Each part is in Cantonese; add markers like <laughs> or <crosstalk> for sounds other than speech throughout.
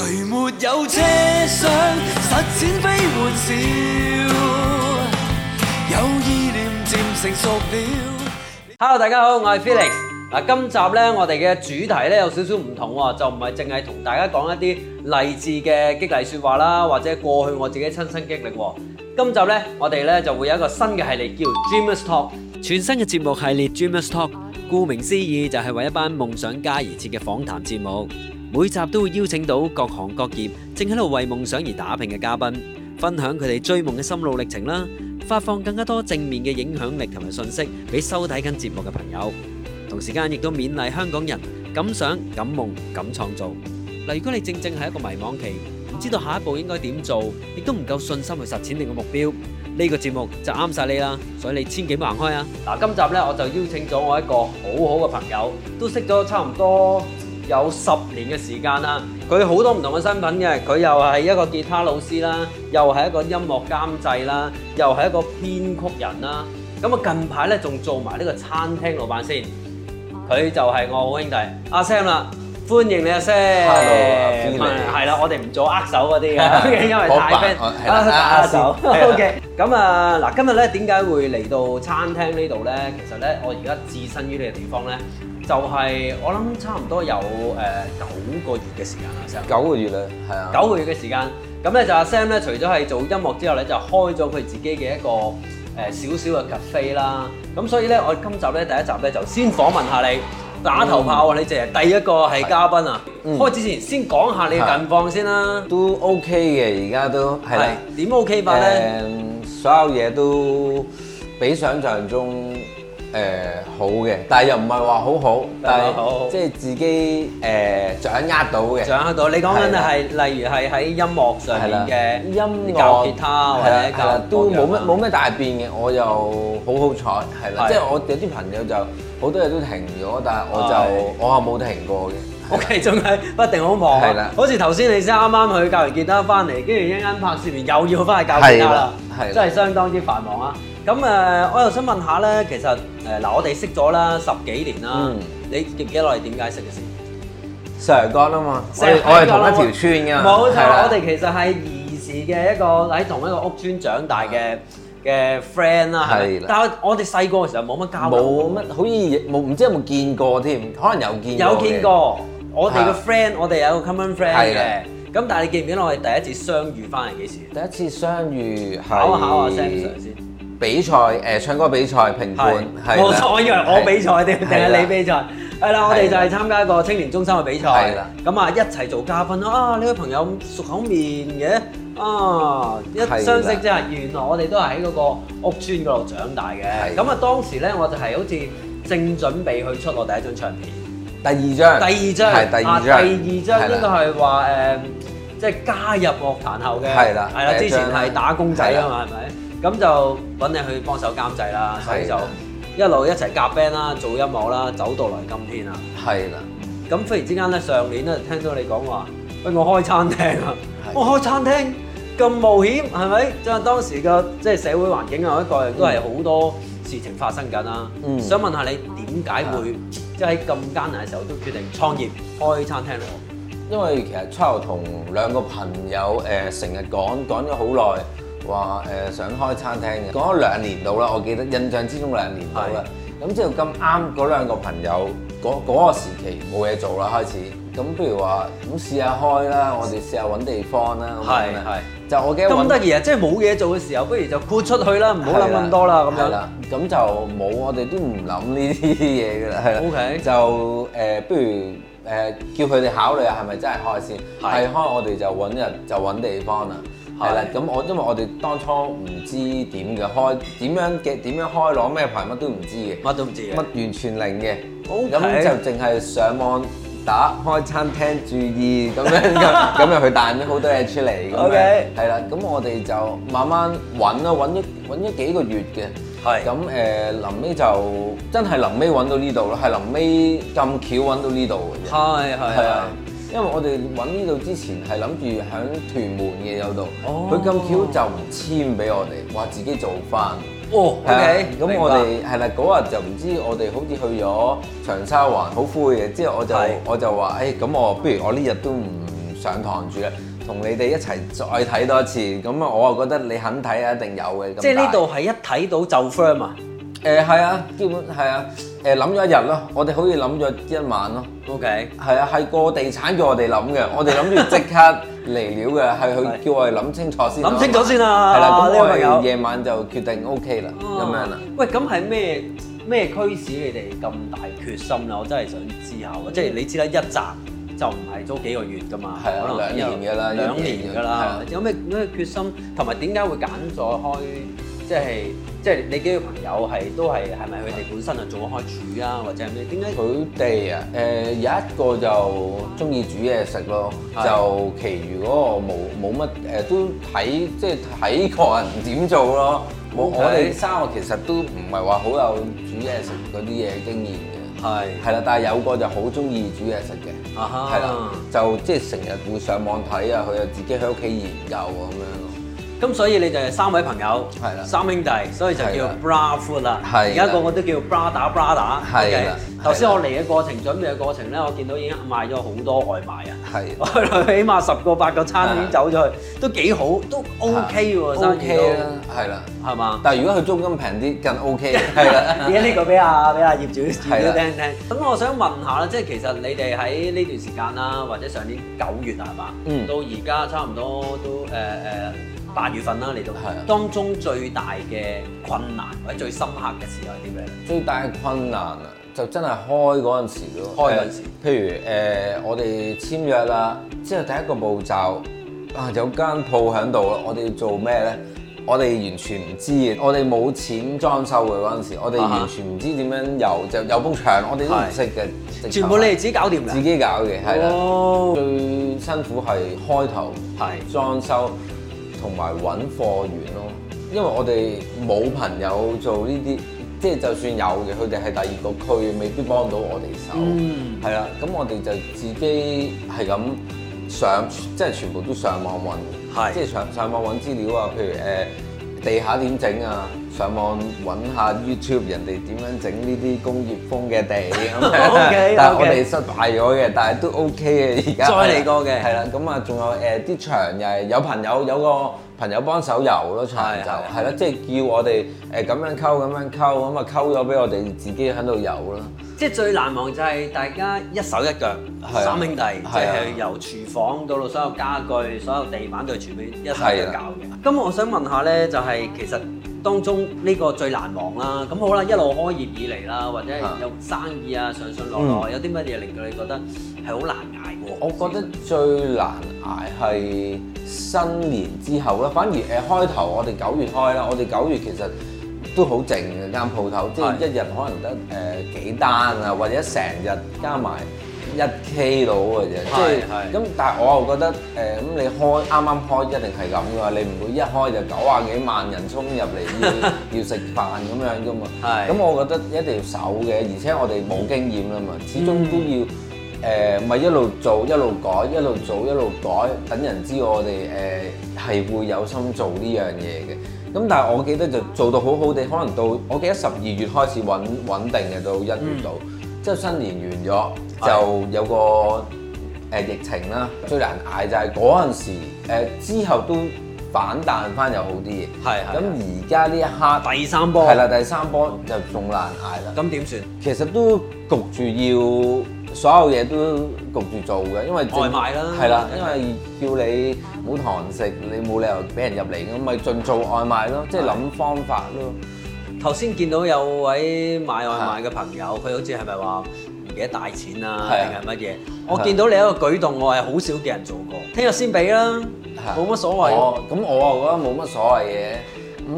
誰沒有車廂，實踐非玩笑。有意念漸成熟了。Hello，大家好，我係 Felix。嗱，今集咧，我哋嘅主題咧有少少唔同喎，就唔係淨係同大家講一啲勵志嘅激勵說話啦，或者過去我自己親身經歷。今集咧，我哋咧就會有一個新嘅系列，叫 Dreamers Talk，全新嘅節目系列 Dreamers Talk，顧名思義就係為一班夢想家而設嘅訪談節目。每集都會邀請到各行各業正喺度為夢想而打拼嘅嘉賓，分享佢哋追夢嘅心路歷程啦，發放更加多正面嘅影響力同埋信息俾收睇緊節目嘅朋友。同時間亦都勉勵香港人敢想、敢夢、敢創造。嗱，如果你正正係一個迷茫期，唔知道下一步應該點做，亦都唔夠信心去實踐你個目標，呢個節目就啱晒你啦！所以你千祈唔行開啊！嗱，今集呢我就邀請咗我一個好好嘅朋友，都識咗差唔多。有十年嘅時間啦，佢好多唔同嘅身份嘅，佢又係一個吉他老師啦，又係一個音樂監製啦，又係一個編曲人啦。咁啊近排咧仲做埋呢個餐廳老闆先，佢就係我好兄弟阿 Sam 啦，歡迎你阿 Sam。係啦，我哋唔做握手嗰啲嘅，因為太 friend，唔好握手。O K，咁啊嗱，今日咧點解會嚟到餐廳呢度咧？其實咧，我而家置身於呢個地方咧。就係、是、我諗差唔多有誒九個月嘅時間啦 Sam 九個月咧，係、呃、啊，九個月嘅時間。咁咧就阿、啊、Sam 咧，除咗係做音樂之後咧，就開咗佢自己嘅一個誒少少嘅 cafe 啦。咁所以咧，我今集咧第一集咧就先訪問下你，打頭炮啊！嗯、你淨係第一個係嘉賓啊！嗯、開之前先講下你嘅近況先啦。都 OK 嘅，而家都係點、哎、OK 法咧、呃？所有嘢都比想像中。誒好嘅，但係又唔係話好好，但係好即係自己誒掌握到嘅。掌握到，你講緊係例如係喺音樂上邊嘅音教吉他，或者教都冇乜冇乜大變嘅。我又好好彩，係啦，即係我有啲朋友就好多嘢都停咗，但係我就我又冇停過嘅。O K，仲係不定好忙，係啦。好似頭先你先啱啱去教完吉他翻嚟，跟住一陣拍攝完又要翻去教吉他啦，係真係相當之繁忙啊！咁誒，我又想問下咧，其實誒嗱，我哋識咗啦十幾年啦，你記唔記得我哋點解識嘅先？長江啊嘛，我係我係同一條村嘅，冇錯，我哋其實係兒時嘅一個喺同一個屋村長大嘅嘅 friend 啦。係，但係我哋細個嘅時候冇乜交流，冇乜好似冇，唔知有冇見過添，可能有見有見過。我哋嘅 friend，我哋有個 common friend 嘅。咁但係你記唔記得我哋第一次相遇翻嚟幾時？第一次相遇，考下考下 Sam sir 先。比賽誒唱歌比賽評判，冇錯，我以為我比賽定定係你比賽？係啦，我哋就係參加一個青年中心嘅比賽，咁啊一齊做嘉賓咯，啊呢位朋友熟口面嘅，啊一相識即係，原來我哋都係喺嗰個屋村嗰度長大嘅。咁啊當時咧，我就係好似正準備去出我第一張唱片，第二張，第二張，第二張，第二張呢個係話誒，即係加入樂壇後嘅，係啦，係啦，之前係打工仔啊嘛，係咪？咁就揾你去幫手監製啦，的所以就一路一齊夾 band 啦，做音樂啦，走到來今天啊，係啦的。咁忽然之間咧，上年咧聽到你講話、哎，我開餐廳啊，的我開餐廳咁冒險係咪、就是？即係當時嘅即係社會環境啊，我一個人都係好多事情發生緊啦。嗯、想問下你點解會的即係咁艱難嘅時候都決定創業開餐廳咧？嗯、因為其實 Charles 同兩個朋友誒成日講講咗好耐。呃話誒、呃、想開餐廳嘅，講咗兩年到啦，我記得印象之中兩年到啦。咁之後咁啱嗰兩個朋友嗰嗰、嗰個時期冇嘢做啦，開始咁不如話咁試下開啦，我哋試下揾地方啦。係係，就我記得揾得而，即係冇嘢做嘅時候，不如就豁出去啦，唔好諗咁多啦。咁樣啦，咁是是就冇，我哋都唔諗呢啲嘢㗎啦。O Okay . K，就誒不、呃、如誒、呃、叫佢哋考慮下係咪真係開先，係開是我哋就揾人就揾地方啦。係啦，咁我因為我哋當初唔知點嘅開點樣嘅點樣，樣開攞咩牌乜都唔知嘅，乜都唔知啊，乜完全零嘅，咁、Okay. 就淨係上網打開餐廳注意咁樣咁入 <laughs> 去彈咗好多嘢出嚟咁樣，係啦 <laughs> Okay.，咁我哋就慢慢揾咯，揾咗揾咗幾個月嘅，係的，咁誒臨尾就真係臨尾揾到呢度咯，係臨尾咁巧揾到呢度嘅，係係係。因為我哋揾呢度之前係諗住喺屯門嘅有度，佢咁巧就唔簽俾我哋，話自己做返。哦，OK，咁我哋係啦，嗰日就唔知我哋好似去咗長沙灣，好灰嘅。之後我就是我就話：誒、欸，咁我不如我呢日都唔上堂住啦，同你哋一齊再睇多一次。咁我啊覺得你肯睇啊，一定有嘅。即係呢度係一睇到就 firm 啊？誒，係啊，基本係啊。誒諗咗一日咯，我哋好似諗咗一晚咯。OK，係啊，係個地產叫我哋諗嘅，我哋諗住即刻嚟料嘅，係佢叫我哋諗清楚先。諗清楚先啊！係啦，咁呢個夜晚就決定 OK 啦。咁樣啊？喂，咁係咩咩驅使你哋咁大決心啊？我真係想知下。即係你知啦，一集就唔係租幾個月㗎嘛，係啊，兩年嘅啦，兩年嘅啦。有咩咩決心？同埋點解會揀咗開？即係即係你幾個朋友係都係係咪佢哋本身做啊做開廚啊或者係咩？點解佢哋啊？誒、呃、有一個就中意煮嘢食咯，的就其餘嗰個冇冇乜誒都睇即係睇過人點做咯。冇 Okay. 我哋三個其實都唔係話好有煮嘢食嗰啲嘢經驗嘅。係係啦，但係有個就好中意煮嘢食嘅。啊啦、uh huh.，就即係成日會上網睇啊，佢又自己喺屋企研究咁樣。咁所以你就係三位朋友，係啦，三兄弟，所以就叫 bra food 啦。係而家個個都叫 bra 打 bra 打，O K。頭先我嚟嘅過程、準備嘅過程咧，我見到已經賣咗好多外賣啊，係外賣起碼十個八個餐廳走咗去，都幾好，都 O K 喎，生意都。係啦，係嘛？但係如果佢租金平啲，更 O K。係啦，而家呢個俾阿俾阿葉主席聽聽。咁我想問下啦，即係其實你哋喺呢段時間啦，或者上年九月啊，係嘛？到而家差唔多都誒誒。八月份啦你都係呀，當中最大嘅困難或者最深刻嘅事係啲咩？最大嘅困難啊，就真係開嗰陣時咯，開嗰陣時。譬如誒、呃，我哋簽約啦，之、就、後、是、第一個步驟啊，啊，有間鋪喺度啦，我哋要做咩咧？我哋完全唔知，我哋冇錢裝修嘅嗰陣時我，我哋完全唔知點樣，由就有幅牆，我哋都唔識嘅。直從 全部你哋自己搞掂自己搞嘅？係啦。哦、最辛苦係開頭，係裝修。同埋揾貨源咯，因為我哋冇朋友做呢啲，即係就算有嘅，佢哋係第二個區，未必幫到我哋手。係啦、嗯，咁我哋就自己係咁上，即係全部都上網揾，是的 即係上上網揾資料啊。譬如誒、呃，地下點整啊？上網揾下 YouTube 人哋點樣整呢啲工業風嘅地， <laughs> 但係我哋失敗咗嘅，但係都 OK 嘅而家。再嚟過嘅，係啦，咁啊仲有誒啲牆又係有朋友有個朋友幫手油咯，牆是的 就係咯，即係、就是、叫我哋誒咁樣溝咁樣溝，咁啊溝咗俾我哋自己喺度油咯。即係最難忘就係大家一手一腳，是的 三兄弟即係是的 由廚房到到所有家具、所有地板都係全俾一手一腳搞嘅。咁是的 我想問下咧，就係、是、其實。當中呢個最難忘啦，咁好啦，一路開業以嚟啦，或者有生意啊的上上落落，有啲乜嘢令到你覺得係好難捱？我覺得最難捱係新年之後啦，反而誒開頭我哋九月開啦，我哋九月其實都好靜嘅間鋪頭，即係一日可能得誒幾單啊，或者成日加埋。一 K 到嘅啫，即係咁。但係我又覺得誒，咁、呃、你開啱啱開一定係咁嘅，你唔會一開就九啊幾萬人衝入嚟要 <laughs> 要食飯咁樣嘅嘛。係是。咁我覺得一定要守嘅，而且我哋冇經驗啊嘛，始終都要誒，咪、嗯呃、一路做一路改，一路做一路改，等人知我哋誒係會有心做呢樣嘢嘅。咁但係我記得就做到好好地，可能到我記得十二月開始穩穩定嘅，到一月度，即係、嗯、新年完咗。就有個誒疫情啦，最難捱就係嗰陣時。誒之後都反彈返又好啲。係的。咁而家呢一刻，第三波。係啦，第三波就仲難捱啦。咁點算？其實都焗住要所有嘢都焗住做嘅，因為、就是、外賣啦。係啦的，因為,因為叫你冇堂食，你冇理由俾人入嚟。咁咪盡做外賣咯，即係諗方法咯。頭先見到有位買外賣嘅朋友，佢好似係咪話？幾大錢啊，定係乜嘢？我見到你一個舉動，我係好少嘅人做過。聽日先俾啦，冇乜所謂。咁我又覺得冇乜所謂嘅，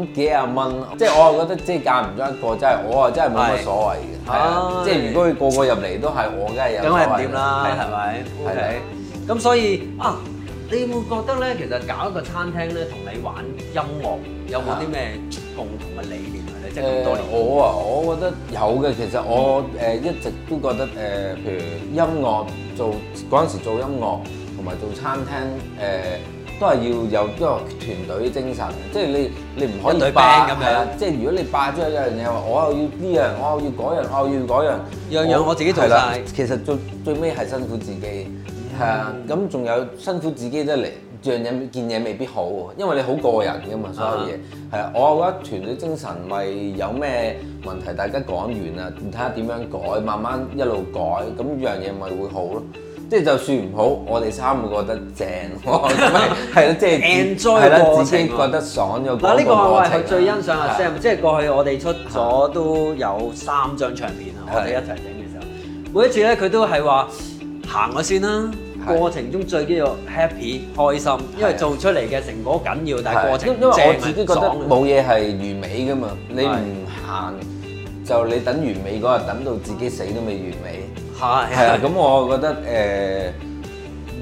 咁幾廿蚊，即係我又覺得即係間唔中一個，即係我啊真係冇乜所謂嘅。即係如果佢個個入嚟都係我，梗係有咁係唔掂啦，係咪？OK。咁所以啊，你會覺得咧，其實搞一個餐廳咧，同你玩音樂有冇啲咩共同嘅理念？誒我啊，我覺得有嘅，其實我誒、嗯呃、一直都覺得誒、呃，譬如音樂做嗰陣時做音樂，同埋做餐廳誒、呃，都係要有一個團隊精神，即係你你唔可以霸，即係如果你霸咗一樣嘢話，我又要呢、這、樣、個，我又要嗰、那、樣、個，我又要嗰、那、樣、個，樣樣我自己做曬，其實做最最尾係辛苦自己，係啊，咁、嗯、仲、嗯、有辛苦自己得嚟。樣嘢見嘢未必好，因為你好過人嘅嘛，所有嘢係啊，我覺得團隊精神咪有咩問題，大家講完啦，唔睇下點樣改，慢慢一路改，咁樣嘢咪會好咯。即係就算唔好，我哋三個覺得正，係咯、 <laughs> 嗯，即係 Enjoy，自己覺得爽咗。嗱，呢個我係最欣賞阿 Sam，即係過去我哋出咗都有三張唱片啊，的我哋一齊整嘅時候，每一次咧佢都係話行我先啦。過程中最緊要 happy 開心，因為做出嚟嘅成果緊要，但係過程，因為我自己覺得冇嘢係完美噶嘛，你唔行，就你等完美嗰日等到自己死都未完美。係係啊，咁我覺得誒。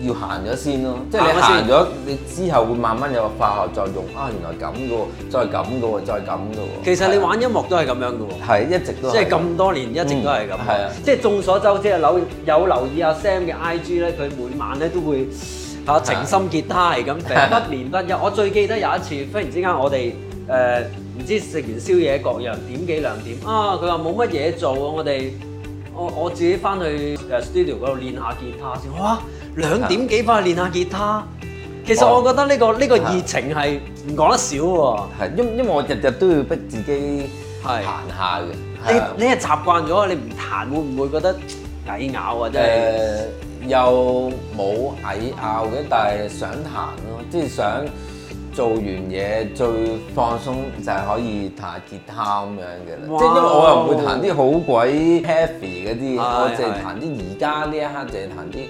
要行咗先咯，即係你行咗，先你之後會慢慢有個化學作用、嗯、啊！原來咁嘅喎，再咁嘅喎，再咁嘅喎。其實你玩音樂都係咁樣嘅喎，係一直都，即係咁多年一直都係咁。係啊、嗯，即係眾所周知啊，留有留意阿 Sam 嘅 IG 咧，佢每晚咧都會嚇靜心吉他係咁，日不眠不休。我最記得有一次，忽然之間我哋誒唔知食完宵夜各樣點幾兩點啊，佢話冇乜嘢做啊，我哋我我自己翻去誒 studio 嗰度練下吉他先哇。啊兩點幾翻去練下吉他，其實我覺得呢、呢個呢、oh, 個熱情係唔講得少喎。係，因因為我日日都要逼自己彈下嘅的的。你你係習慣咗，你唔彈會唔會覺得抵咬啊？真係、呃、又冇抵咬嘅，但係想彈咯，oh. 即係想做完嘢最放鬆就係可以彈下吉他咁樣嘅啦。Wow. 即係因為我又唔會彈啲好鬼 heavy 嗰啲、oh. 我淨係彈啲而家呢一刻淨係彈啲。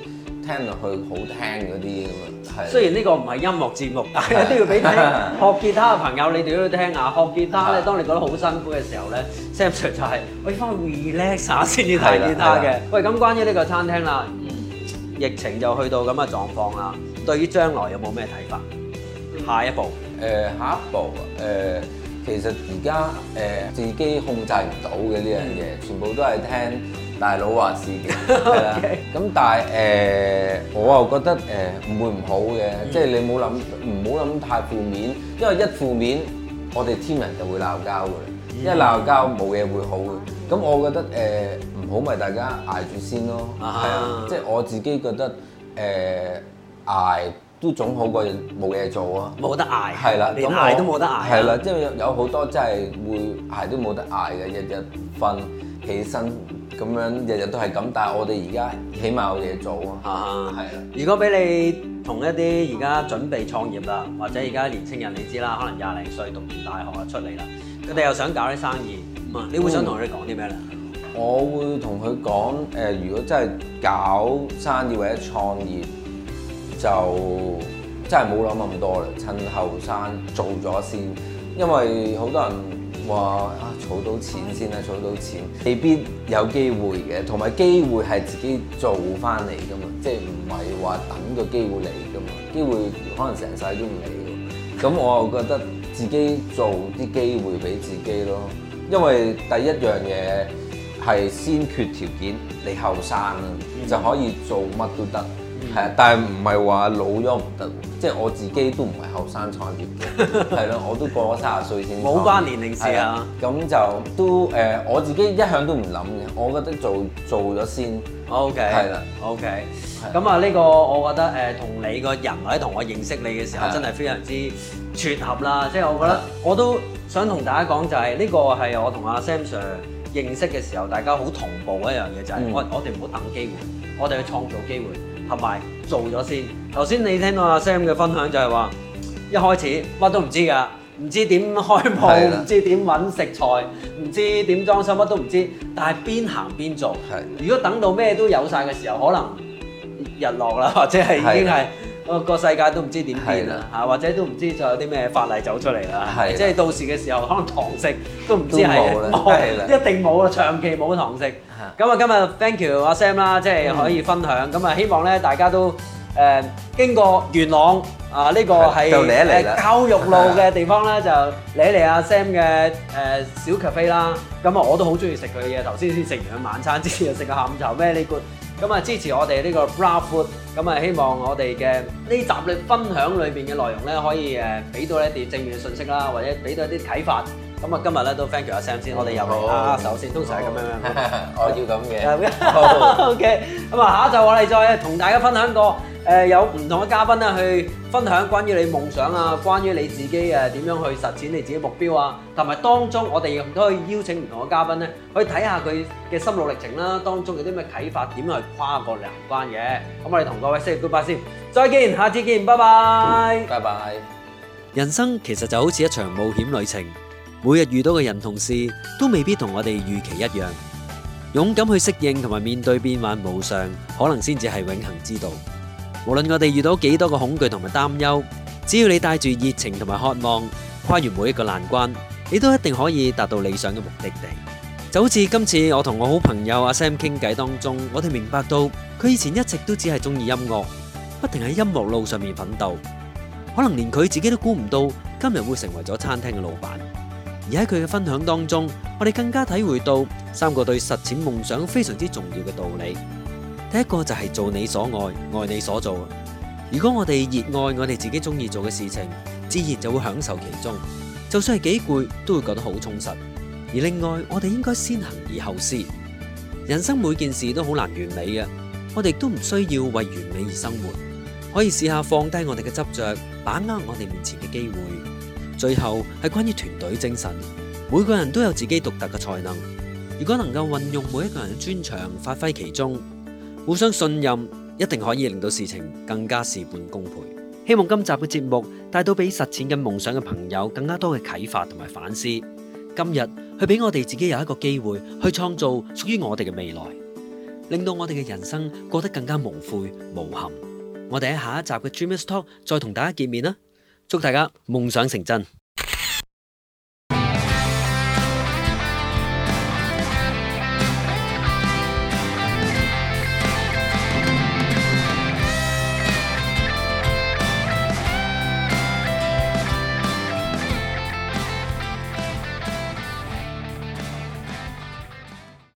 聽落去好聽嗰啲咁啊，雖然呢個唔係音樂節目，但係都要俾啲 <laughs> 學吉他嘅朋友你哋都要聽下。學吉他咧，當你覺得好辛苦嘅時候咧，Samson 就係我要翻去 relax 下先至睇吉他嘅。喂， <laughs> 咁的、哎嗯、關於呢個餐廳啦、嗯，疫情又去到咁嘅狀況啦，對於將來有冇咩睇法？下一步，誒、呃，下一步，誒、呃，其實而家誒自己控制唔到嘅呢樣嘢，嗯、全部都係聽。大佬話事嘅，咁 <laughs> Okay. 但係誒、呃，我又覺得誒唔、呃、會唔好嘅，即係 <noise> 你冇諗，唔好諗太負面，因為一負面，我哋天人就會鬧交㗎喇， <noise> 一鬧交冇嘢會好嘅。咁我覺得誒唔好咪大家捱住先咯，係啊，即、就、係、是、我自己覺得誒、呃、捱都總好過冇嘢做啊，冇得捱，係啦的，咁捱都冇得捱，係啦，即係有好多真係會捱都冇得捱嘅，日日瞓起身。咁樣日日都係咁，但係我哋而家起碼有嘢做啊！係啦，如果俾你同一啲而家準備創業啦，或者而家年輕人你知啦，可能廿零歲讀完大學啊出嚟啦，佢哋又想搞啲生意，咁啊、嗯，你會想同佢哋講啲咩咧？我會同佢講誒，如果真係搞生意或者創業，就真係冇諗咁多啦，趁後生做咗先，因為好多人。哇，啊，儲到錢先啊，儲到錢未必有機會嘅，同埋機會係自己做翻嚟噶嘛，即係唔係話等個機會嚟噶嘛，機會可能成世都唔嚟。咁我又覺得自己做啲機會俾自己咯，因為第一樣嘢係先決條件，你後生就可以做乜都得。係啊，但係唔係話老咗唔得？即係我自己都唔係後生創業嘅，係啦， <laughs> 我都過咗三十歲先冇關年齡事啊。咁的是就都誒、呃，我自己一向都唔諗嘅。我覺得做做咗先。O K 係啦。O okay . K 的。咁啊，呢個我覺得誒，同你個人喺同我認識你嘅時候，真係非常之撮合啦。即係的我覺得我都想同大家講，就係呢個係我同阿 Sam sir 認識嘅時候，大家好同步一樣嘢，就係、是、我我哋唔好等機會，我哋去創造機會。同埋做咗先。頭先你聽到阿 Sam 嘅分享就係話，一開始乜都唔知㗎，唔知點開鋪，唔的知點揾食材，唔知點裝修，乜都唔知。但係邊行邊做。的如果等到咩都有晒嘅時候，可能日落啦，或者係的。已經係。個世界都唔知點變啦，嚇的或者都唔知仲有啲咩法例走出嚟啦，的即係到時嘅時候可能堂食都唔知係冇，一定冇啦，的長期冇堂食。咁啊的，今日 thank you 阿 Sam 啦，即係可以分享。咁啊、嗯，希望咧大家都誒、呃、經過元朗啊呢、這個係教育路嘅地方咧，的就嚟嚟阿 Sam 嘅誒、呃、小 cafe 啦。咁啊，我都好中意食佢嘅嘢，頭先先食完晚餐之，之前又食個下午茶 very good。支持我哋呢個 Bravo，希望我哋嘅呢集分享裏面嘅內容可以俾到你哋正面嘅信息啦，或者俾到一啲啟發。咁啊，今日咧都 thank you 阿 Sam 先，我哋入嚟啊，首先通常係咁樣樣，我要咁嘅，OK。咁啊，下一集我哋再同大家分享多誒，有唔同嘅嘉賓咧去分享關於你夢想啊，關於你自己誒點樣去實踐你自己目標啊，同埋當中我哋亦都可以邀請唔同嘅嘉賓咧，去睇下佢嘅心路歷程啦，當中有啲咩啟發，點樣去跨過難關嘅。咁我哋同各位 say goodbye 先，再見，下次見，拜拜，拜拜。人生其實就好似一場冒險旅程。每日遇到嘅人同事都未必同我哋預期一樣，勇敢去適應同埋面對變幻無常，可能先至係永恆之道。無論我哋遇到幾多個恐懼同埋擔憂，只要你帶住熱情同埋渴望，跨越每一個難關，你都一定可以達到理想嘅目的地。就好似今次我同我好朋友阿 Sam 傾偈當中，我哋明白到佢以前一直都只係中意音樂，不停喺音樂路上面奮鬥，可能連佢自己都估唔到今日會成為咗餐廳嘅老闆。而喺佢嘅分享當中，我哋更加體會到三個對實踐夢想非常之重要嘅道理。第一個就係做你所愛，愛你所做。如果我哋熱愛我哋自己中意做嘅事情，自然就會享受其中，就算係幾攰，都會覺得好充實。而另外，我哋應該先行而後思。人生每件事都好難完美嘅，我哋都唔需要為完美而生活。可以試下放低我哋嘅執着，把握我哋面前嘅機會。最後係關於團隊精神，每個人都有自己獨特嘅才能。如果能夠運用每一個人嘅專長，發揮其中，互相信任，一定可以令到事情更加事半功倍。希望今集嘅節目帶到俾實踐嘅夢想嘅朋友更加多嘅啟發同埋反思。今日去俾我哋自己有一個機會去創造屬於我哋嘅未來，令到我哋嘅人生過得更加無悔無憾。我哋喺下一集嘅 Dreamers Talk 再同大家見面啦。祝大家夢想成真！